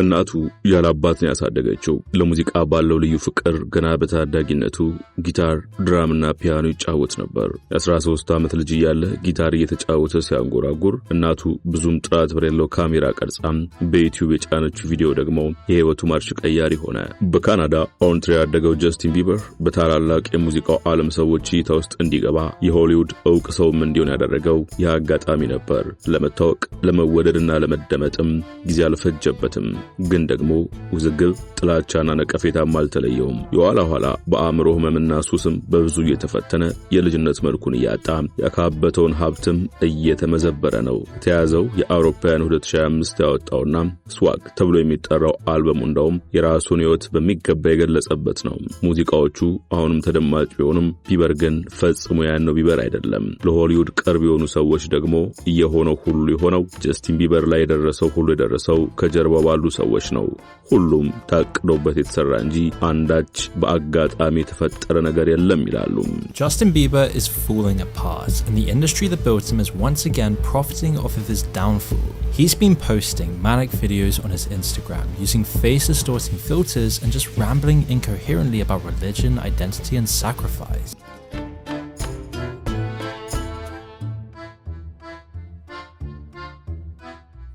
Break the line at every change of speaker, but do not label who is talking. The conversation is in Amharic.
እናቱ ያላባት ነው ያሳደገችው። ለሙዚቃ ባለው ልዩ ፍቅር ገና በታዳጊነቱ ጊታር፣ ድራምና ፒያኖ ይጫወት ነበር። የ13 ዓመት ልጅ እያለ ጊታር እየተጫወተ ሲያንጎራጉር እናቱ ብዙም ጥራት በሌለው ካሜራ ቀርጻም በዩትዩብ የጫነችው ቪዲዮ ደግሞ የህይወቱ ማርሽ ቀያሪ ሆነ። በካናዳ ኦንትሪ ያደገው ጀስቲን ቢበር በታላላቅ የሙዚቃው ዓለም ሰዎች እይታ ውስጥ እንዲገባ የሆሊውድ እውቅ ሰውም እንዲሆን ያደረገው ይህ አጋጣሚ ነበር። ለመታወቅ ለመወደድና ለመደመጥም ጊዜ አልፈጀበትም። ግን ደግሞ ውዝግብ፣ ጥላቻና ነቀፌታም አልተለየውም። የኋላ ኋላ በአእምሮ ህመምና ሱስም በብዙ እየተፈተነ የልጅነት መልኩን እያጣ ያካበተውን ሀብትም እየተመዘበረ ነው። የተያዘው የአውሮፓውያን 2025 ያወጣውና ስዋግ ተብሎ የሚጠራው አልበሙ እንዳውም የራሱን ህይወት በሚገባ የገለጸበት ነው። ሙዚቃዎቹ አሁንም ተደማጭ ቢሆንም ቢበር ግን ፈጽሞ ያን ነው ቢበር አይደለም። ለሆሊውድ ቅርብ የሆኑ ሰዎች ደግሞ እየሆነው ሁሉ የሆነው ጀስቲን ቢበር ላይ የደረሰው ሁሉ የደረሰው ከጀርባ ባሉ ሰዎች ነው። ሁሉም ታቅዶበት የተሰራ እንጂ አንዳች በአጋጣሚ የተፈጠረ ነገር የለም ይላሉ።
Justin Bieber is falling apart and the industry that built him is once again profiting off of his downfall. He's been posting manic videos on his Instagram using face distorting filters and just rambling incoherently about religion, identity and sacrifice.